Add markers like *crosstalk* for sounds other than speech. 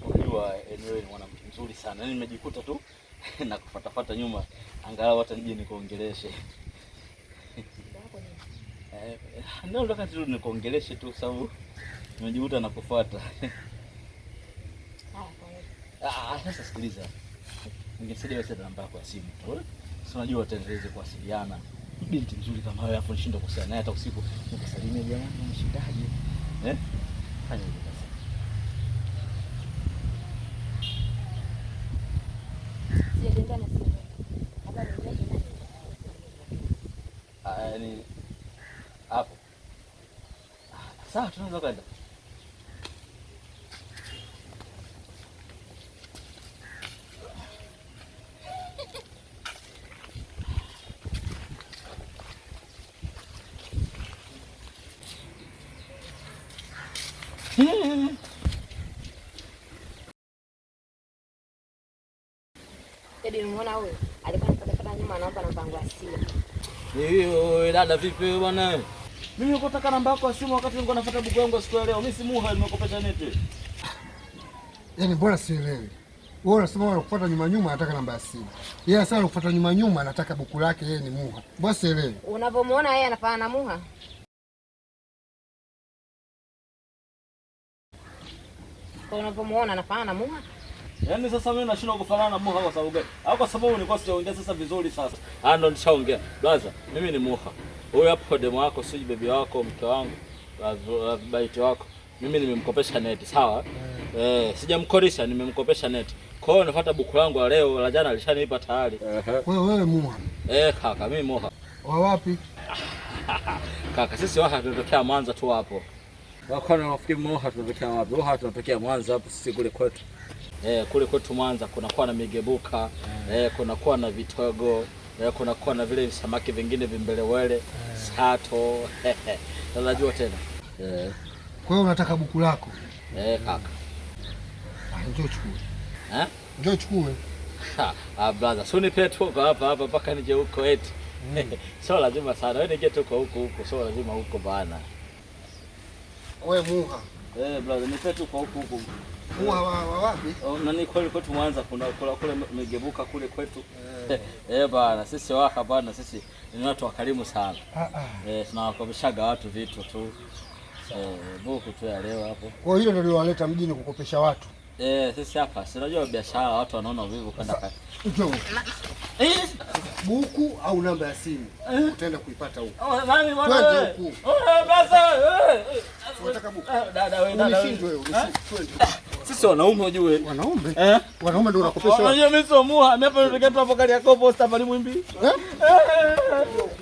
Unajua enyewe ni mwanamke mzuri sana, yaani nimejikuta tu *laughs* na kufatafata nyuma, angalau hata nije nikuongeleshe *laughs* ndio nataka tu nikuongeleshe tu, sababu nimejikuta nakufuata. *laughs* Ah, sasa sikiliza ningesaidia wewe namba yako ya simu tu. Sasa unajua tutaendeleza kuwasiliana. Binti nzuri kama wewe hapo nishinda kusema naye hata usiku. Nikusalimie jamani, mshindaje? Eh? Fanya hivyo basi. Ah, ah, Sasa tunaweza kwenda. Jadi nimeona huyo alikuwa anipata nyuma anaomba namba yangu ya simu. Hiyo dada, vipi bwana? Mimi nikotaka namba yako ya simu wakati nilikuwa nafuata buku yangu siku leo. Mimi simu hai nimekopesha neti. Yaani bora sielewi. Wewe unasema wewe unakufuata nyuma nyuma anataka namba ya simu. Yeye sasa anakufuata nyuma nyuma anataka buku lake yeye ni muha. Bora sielewi. Unapomuona yeye anafanana muha. Kwa unapomuona anafanana muha. Yaani sasa mimi nashindwa kufanana na Muha kwa sababu gani? Au kwa sababu nilikuwa sijaongea sasa vizuri sasa. Ah, ndo nishaongea. Brother, mimi ni Muha. Huyu hapo demo wako, siji bebi wako, mke wangu, eh, baiti wako. Mimi nimemkopesha neti, sawa? Eh, eh sijamkorisha, nimemkopesha neti. Kwa hiyo nafuata buku langu la leo, la jana alishanipa tayari. Wewe wewe Muha. Eh, kaka, mimi Muha. Wa wapi? *laughs* Kaka, sisi waha tunatokea Mwanza tu hapo. Wako na rafiki Muha tunatokea wapi? Muha tunatokea Mwanza hapo sisi kule kwetu eh, kule kwetu Mwanza kunakuwa na migebuka eh. eh, kunakuwa na vitogo eh, kunakuwa na vile samaki vingine vimbelewele eh. sato najua tena eh. Kwa hiyo unataka buku lako eh, kaka ah, njoo chukue eh? njoo chukue Ah, brother, so ni tu huko hapa hapa mpaka nije huko eti mm. *laughs* So lazima sana wewe, nije tuko huko huko, So lazima huko bana wewe muha eh, brother ni petu kwa huko huko wapi? Oh, nani kweli kwetu Mwanza kuna kula kule megebuka kule kwetu. Eh, *laughs* eh bana, sisi waka bana, sisi ni watu wakarimu sana. Ah, ah. Eh, tunawakopeshaga watu vitu tu. Eh, buku tu ya leo hapo. Kwa hiyo ndio liwaleta mjini kukopesha watu. Eh, sisi hapa si unajua biashara watu wanaona uvivu kwenda kati. Njoo. Eh, buku au namba ya simu eh? utaenda kuipata huko. Oh, nani bwana? Oh, basa. Eh, Unataka buku. Dada wewe, dada wewe. Twende. Sisi wanaume unajue. Wanaume? Eh? Wanaume ndio wanakopesha. Unajua mimi sio muha, mimi hapa ndio hapo kali ya kopo, sasa mwimbi. Eh? eh?